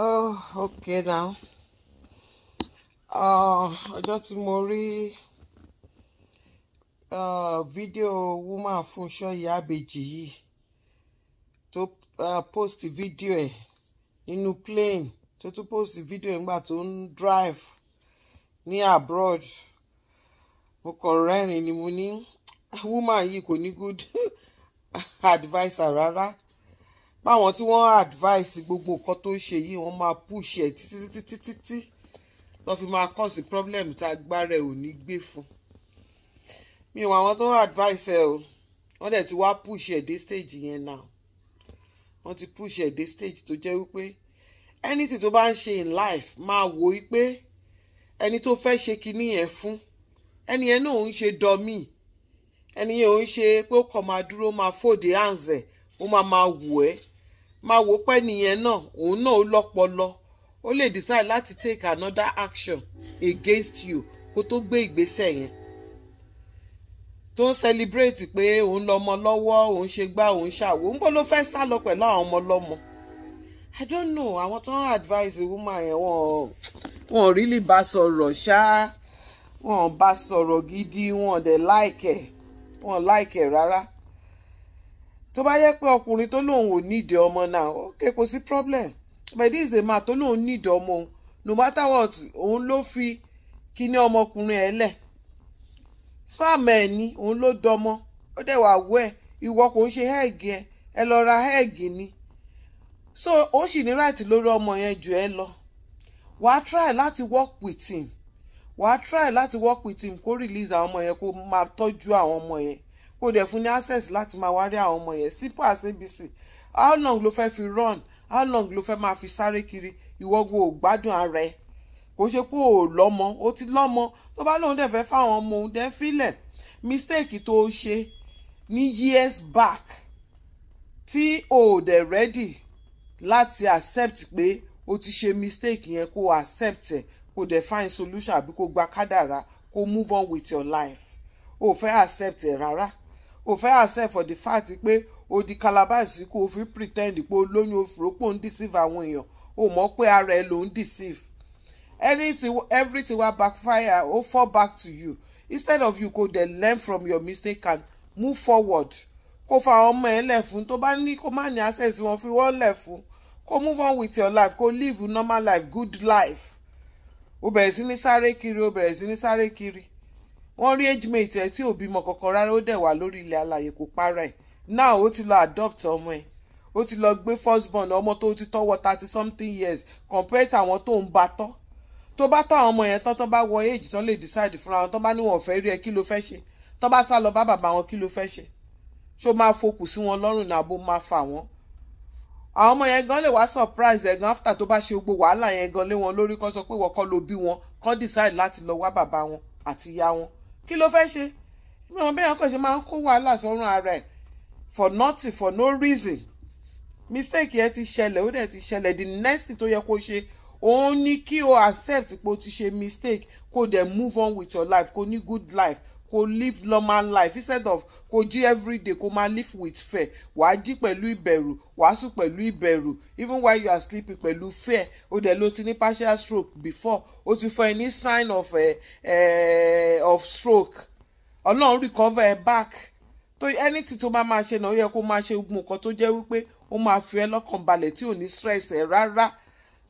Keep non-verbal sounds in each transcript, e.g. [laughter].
oh okay now ah, ọjọ́ tí mo rí fídíò ah, woman Fúnṣọ́ Ìyábẹ̀jì yìí tó ah, post fídíò ẹ̀ nínú plane tó tún post fídíò ẹ̀ nígbà tó ń drive ní abroad mo kàn rẹ́rìn ni mo ní woman yìí kò ní good [laughs] adviser rárá páwọn tí wọ́n advice gbogbo nǹkan tó ṣe yìí wọ́n máa push ẹ̀ títí títí títí tí wọ́n fi máa cause problem tá a gbára ẹ̀ ò ní gbé fún mi ò àwọn tó advice ẹ o wọ́n dẹ̀ ti wá push ẹ̀ dé stage yẹn now wọ́n ti push ẹ̀ dé stage tó jẹ́ wípé anything tó bá ń ṣe in life máa wò ó pé ẹni tó fẹ́ ṣe kinní yẹn fún ẹni yẹn náà ń ṣe dọ́mì ẹni yẹn ò ń ṣe pé ó kàn máa dúró máa fòdì àǹzẹ̀ ó máa máa wù ẹ́ máa wò pé nìyẹn náà òun náà ó lọ́pọlọ ó lè decide láti take another action against you kó tó gbé ìgbésẹ̀ yẹn tó ń celebrate pé òun lọ́mọ lọ́wọ́ òun ṣe gbá òun ṣàwò ń bọ́ ló fẹ́ sá lọ pẹ̀lú àwọn ọmọ lọ́mọ i don't know àwọn tó ń advise woman yẹn wọn wọn really bá sọ̀rọ̀ ṣá wọn bá sọ̀rọ̀ gidi wọn dẹ̀ like ẹ̀ wọn like ẹ̀ rárá tó bá yẹ pé ọkùnrin tó lóun ò nídìí ọmọ náà ok kò sí problem but this is a man tó lóun nídìí ọmọ òun no matter what òun ló fi kíní ọmọkùnrin ẹ̀ lẹ̀ spam ẹ̀ ni òun ló dọmọ ó dẹ̀ wà wú ẹ̀ ìwọ kò ń ṣe hẹ́ẹ̀gì ẹ̀ ẹ lọ ra hẹ́ẹ̀gì ni so ó sì ní ráìtì lórí ọmọ yẹn jù ẹ lọ wàá try láti work with him wàá try láti work with him kó release àwọn ọmọ yẹn kó máa tọ́jú àwọn ọmọ yẹn kó dẹ̀ fún ní access láti máa wá àwọn ọmọ yẹn simple as abc how long ló fẹ́ fi run how long ló fẹ́ máa fi sáré kiri ìwọ́gun ò gbádùn ara ẹ̀ kò ṣe pé ò lọ́mọ ó ti lọ́mọ tó bá lóun dẹ̀ fẹ́ fáwọn ọmọ òun dẹ̀ filẹ̀ mistake tó o ṣe ní years back tí o ò dẹ̀ ready láti accept pé o ti ṣe mistake yẹn kó o accept ẹ̀ kó dẹ̀ find solution àbí kó o gba kádàrá kó o move on with your life o ò fẹ́ accept ẹ̀ rárá o fẹ́ accept for the fact pé o di calabash kó o fi pretend pé o lóyún o fòrò pé o ń deceive àwọn èèyàn o mọ̀ pé ara ẹ ló ń deceive everything everything wa backfire o fall back to you instead of you go dey learn from your mistake and move forward kó fa ọmọ ẹ lẹ̀ tó bá ní kó má ní access wọn fi wọ́n lẹ̀ kó move on with your life kó live normal life good life o bẹ̀rẹ̀ sí ní sáré kiri o bẹ̀rẹ̀ sí ní sáré kiri wọ́n rí age mate ẹ̀ tí ò bímọ kankan rárá ó dẹ̀ wà lórí ilẹ̀ alàyè kò para ẹ̀ now ó ti lọ adopt ọmọ ẹ̀ ó ti lọ gbé first born ọmọ tó ti tọ́wọ́ thirty something years compared to àwọn tó ń ba tọ́ tó bá tọ́ àwọn ọmọ yẹn tán tán bá wọ age tán lè decide fúnra wọn tán bá níwọ̀n fẹ́ rí ẹ kí ló fẹ́ ṣe tán bá sá lọ bá bàbá wọn kí ló fẹ́ ṣe ṣó máa fokù sí wọn lọ́rùn náà bó máa fà wọ́n àwọn ọmọ yẹn gan lè wá surprise ẹ̀ gan after tó bá ṣe gbogbo wàhálà yẹn gan lé wọn lórí kan sọ pé wọ́n kọ́ ló bí wọn kan decide láti lọ wá bàbá wọn àti ìyá wọn kí ló fẹ́ ṣe mi ò bẹ́ẹ̀ kàn ṣe máa ń kó wàhálà sọ́run ara ẹ̀ for nothing for no reason mistake yẹn ti ṣẹlẹ̀ ó dẹ̀ ti ṣẹlẹ̀ the next thing tó yẹ kó ṣe òun ni kí o accept pé o ti ṣe mistake kó o dẹ̀ move on with your life kó o ní good life kó live normal life instead of kó jí everyday kó máa live with fear wàá jí pẹ̀lú ìbẹ̀rù wàá sùn pẹ̀lú ìbẹ̀rù even while you are sleeping pẹ̀lú fear ó dẹ̀ ló ti ní partial stroke before ó ti fún any sign of, uh, uh, of stroke ọlọ́run recover ẹ back tó anything tó máa máa ṣe náà ó yẹ kó máa ṣe gbogbo nǹkan tó jẹ́ wípé ó máa fi ẹ lọ́kàn balẹ̀ tí ò ní stress ẹ rárá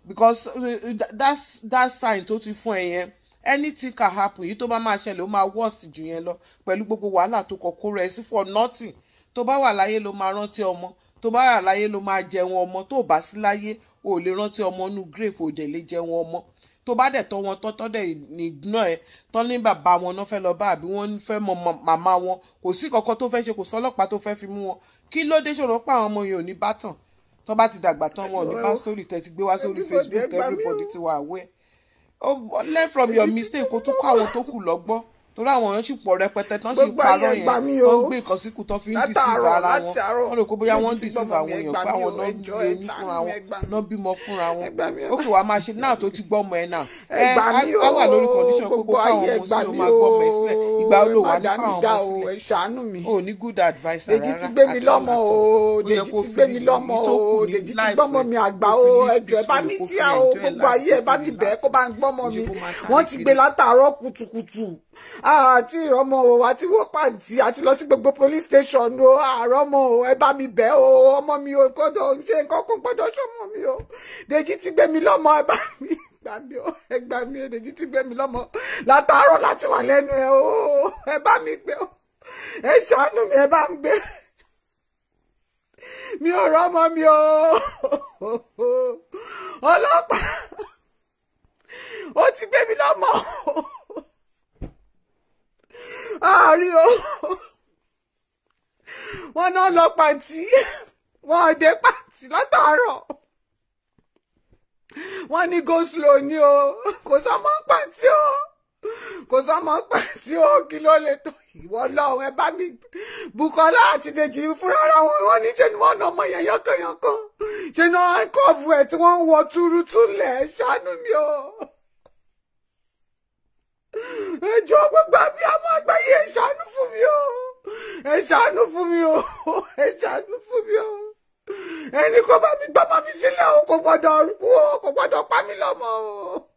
because uh, eh, that's that sign tó ti fún ẹ yẹn anything can happen yìí tó bá máa ṣẹlẹ̀ ó máa worst jù yẹn lọ pẹ̀lú gbogbo wàhálà tó kọ rẹ̀ sí for nothing tó bá wà láyé ló máa rántí ọmọ tó bá wà láyé ló máa jẹun ọmọ tó bá sí láyé ò lè rántí ọmọ inú grave ò dẹ̀ lè jẹun ọmọ tó bá dẹ̀ tọ́ wọn tọ́tọ́ dẹ̀ nìgbọ́n ẹ̀ tán ní bàbá wọn náà fẹ́ lọ bá àbí wọ́n fẹ́ mọ màmá wọn kò sí kankan tó fẹ́ ṣe kò sọ́lọ́pàá tó fẹ́ fi mú wọn kí ló dé ṣòro pa àwọn ọmọ yẹn ò ní bá tàn tó bá ti dàgbà tán wọn ò ní bá story tẹ́ ti gbé wá sórí Facebook everybody ti wà aware learn from your mistake kó tún kọ́ àwọn tó kù lọ́gbọ́n torí àwọn èèyàn sì pọ̀ rẹpẹtẹ tán sì parọ́ yẹn tó ń gbé nǹkan síkù tó fi ń dìsífà ara wọn wọn rò pé bóyá wọ́n ń dìsífà àwọn èèyàn pé àwọn náà bí oyún fúnra wọn náà bímọ fúnra wọn ó kò wá máa ṣe náà tó ti gbọ́ ọmọ ẹ̀ náà ẹ á wà lórí condition pé kó káwọn ọmọ sí ló máa gbọ́ ọmọ ẹ̀ sílẹ̀ ìgbà olówó á ní káwọn ọmọ sí ẹ ṣàánú mi. o ní good advice rárá dèjì ti gbé mi lọ́mọ o dèjì ti gbé mi lọ́mọ o ti gbọ́mọ mi àgbà o ẹjọ́ ẹ bá mi síá o gbogbo ayé ẹ bá mi bẹ́ẹ̀ kó bá ń gbọ́mọ mi wọ́n ti gbé látàárọ̀ kùtùkùtù àti ìrọmọ o àti wọ́n pàǹtí àti lọ sí gbogbo police station o àrọ́mọ o ẹ bá mi bẹ́ẹ̀ o ọmọ mi o gbọ́dọ̀ ṣe nǹkan kó gbọ́dọ̀ ṣọmọ mi o dèjì ti gbé mi lọ́mọ ẹ bá mi gbà mí o ẹ gbà mí o dèjì ti gbé mi lọ́mọ látàárọ̀ láti wà lẹ́nu ẹ o ẹ bá mi gbé o ẹ ṣàánú mi ẹ bá ń gbé mi ò rọ́mọ mi o ọlọ́pàá ó ti gbé mi lọ́mọ àárín o wọn náà lọ pàǹtí wọn ò pàǹtí látàárọ̀ wọn ní go slow ni o kò sọ mọ́ pàǹtí o kò sọmọ pẹ tí ó kí ló tó ìwọ lọ́run ẹ bá mi bukola àti Dèjì fúnra wọn wọn ní ṣe ni wọn nà ọmọ yẹn yánkanyankan ṣe ni wọn kọọfù ẹ tí wọn ń wọ túrútúlẹ ṣàánú mi o ẹjọ gbogbo àbí àmọ àgbáyé ẹ ṣàánú fún mi o ẹ ṣàánú fún mi o ẹ ṣàánú fún mi o ẹni kò bá mi gbọmọ mi sílẹ̀ o kò gbọ́dọ̀ rú o kò gbọ́dọ̀ pa mí lọ́mọ o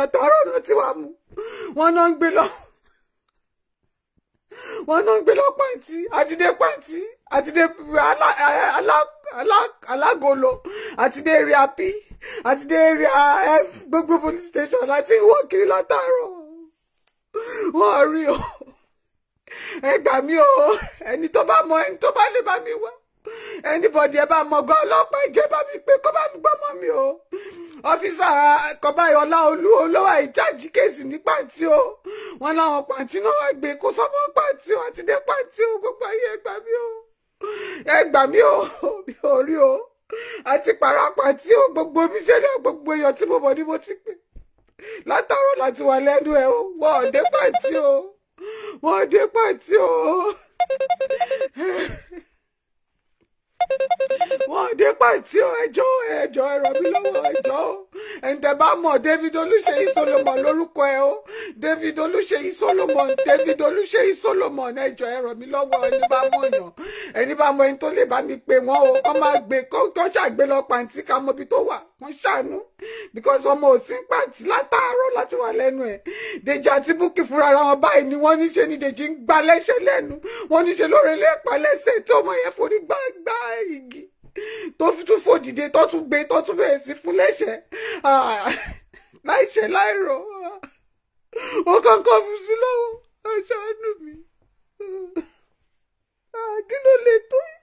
àtàrọ̀ náà ti wá mú wọn náà ń gbé lọ wọn náà ń gbé lọ pàǹtí àtidé pàǹtí àtidé alágolo àtidé area p àtidé area f gbogbo police station láti wọ́n kiri látàárọ̀ wọ́n rí o ẹ gbà mí o ẹni tó bá mọ ẹni tó bá lè bá mi wá anybody ẹ bá mọ̀gọ́ ọlọ́pàá ìjẹ́ bá mi pé kọ́ bá mi gbọ́mọ mi o ọ́fíìsà kọ́báyọ̀ ọláolú olówó ìjáàjì kéèsì ní pàǹtí o wọn láwọn pàǹtí náà wá gbé kó sọ́mọ́ pàǹtí o àti dé pàǹtí o gbogbo ayé ẹ gbà mí o ẹ gbà o mi ò rí o àti pàràpàá tí ó gbogbo omi ṣẹlẹ̀ gbogbo èèyàn tí mo mọ̀ ni mo ti pè látàárọ̀ láti wà lẹ́nu ẹ̀ o wọn ò dé pàǹtí o wọn ò dé pàǹtí o. [laughs] wọn dé pàtí o ẹjọ ẹjọ ẹrọ mi lọ́wọ́ ẹjọ o ẹǹdẹ̀bá mọ̀ David Olúṣèyí Solomon lórúkọ ẹ o David Olúṣèyí Solomon David Olúṣèyí Solomon ẹjọ ẹrọ mi lọ́wọ́ ẹni bá mọ̀ yàn ẹni bá mọ̀ ẹni tó lè bá mi pè wọ́n o kọ́ máa gbé kọ́ ṣàgbé lọ pàǹtí ká mọ̀ ibi tó wà kan ṣàánú because ọmọ òsín pàtì látàárọ̀ láti wà lẹ́nu ẹ̀ Dèjì àti Búkì fúnra wọn báyìí ni wọ́n níṣe ni Dèjì ń gba lẹ́sẹ̀ lẹ́nu wọ́n níṣe lóore lẹ́pa lẹ́sẹ̀ tí ọmọ yẹn forí gbàgbà igi tó fi tún fò dìde tó tún gbé tó tún bẹ̀rẹ̀ sí fún lẹ́sẹ̀ láìṣẹ̀ láìrò ó kankan fún sí lọ́wọ́ ṣàánú mi kí ló lè tó yìí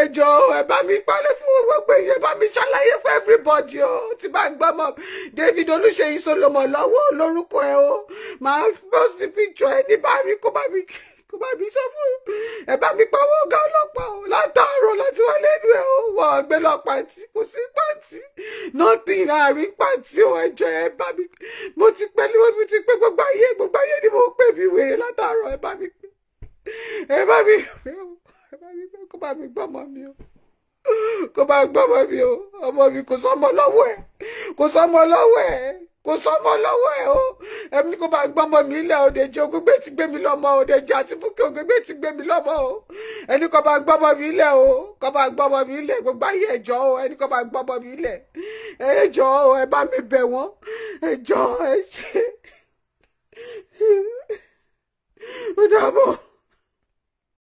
ẹjọ ẹ bá mi pálẹ̀ fún gbogbo èèyàn ẹ bá mi ṣàlàyé fún everybody o tí bá ń gbọ́ mọ́ David Olúṣèyí Solomon lọ́wọ́ lórúkọ ẹ o máa post picture ẹ ní bá rí kó bá mi kó bá mi sọ fún ẹ bá mi pawọ́ ọ̀gá ọlọ́pàá o látàárọ̀ láti wá lẹ́nu ẹ o wọ́n ọ̀gbẹ́ lọ pàǹtí kò sí pàǹtí nothing àárín pàǹtí o ẹjọ ẹ bá mi mo ti pẹ́ lé mo ti pẹ́ gbogbo ayé gbogbo ayé ni mo pè mí wèrè látàárọ̀ ẹ bá mi ẹ bá mi bá mi bẹ́ẹ̀ kó bá mi gbọ́ ọmọ mi o kó bá gbọ́ ọmọ mi o ọmọ mi kò sọmọ lọ́wọ́ ẹ̀ kò sọmọ lọ́wọ́ ẹ̀ kò sọmọ lọ́wọ́ ẹ̀ o ẹ̀mí kó bá gbọ́ ọmọ mi ilẹ̀ òdèjì ogúngbé ti gbé mi lọ́mọ òdèjì àti búkẹ́ ogúngbé ti gbé mi lọ́mọ o ẹni kó bá gbọ́ ọmọ mi ilẹ̀ o kó bá gbọ́ ọmọ mi ilẹ̀ gbogbo ayé ẹ̀jọ́ o ẹni kó bá gbọ́ ọmọ mi ilẹ̀ ẹ̀jọ́ o ẹ bá mi bẹ̀ wọ́n ẹ̀jọ́ ẹ ṣe ó dàbọ̀.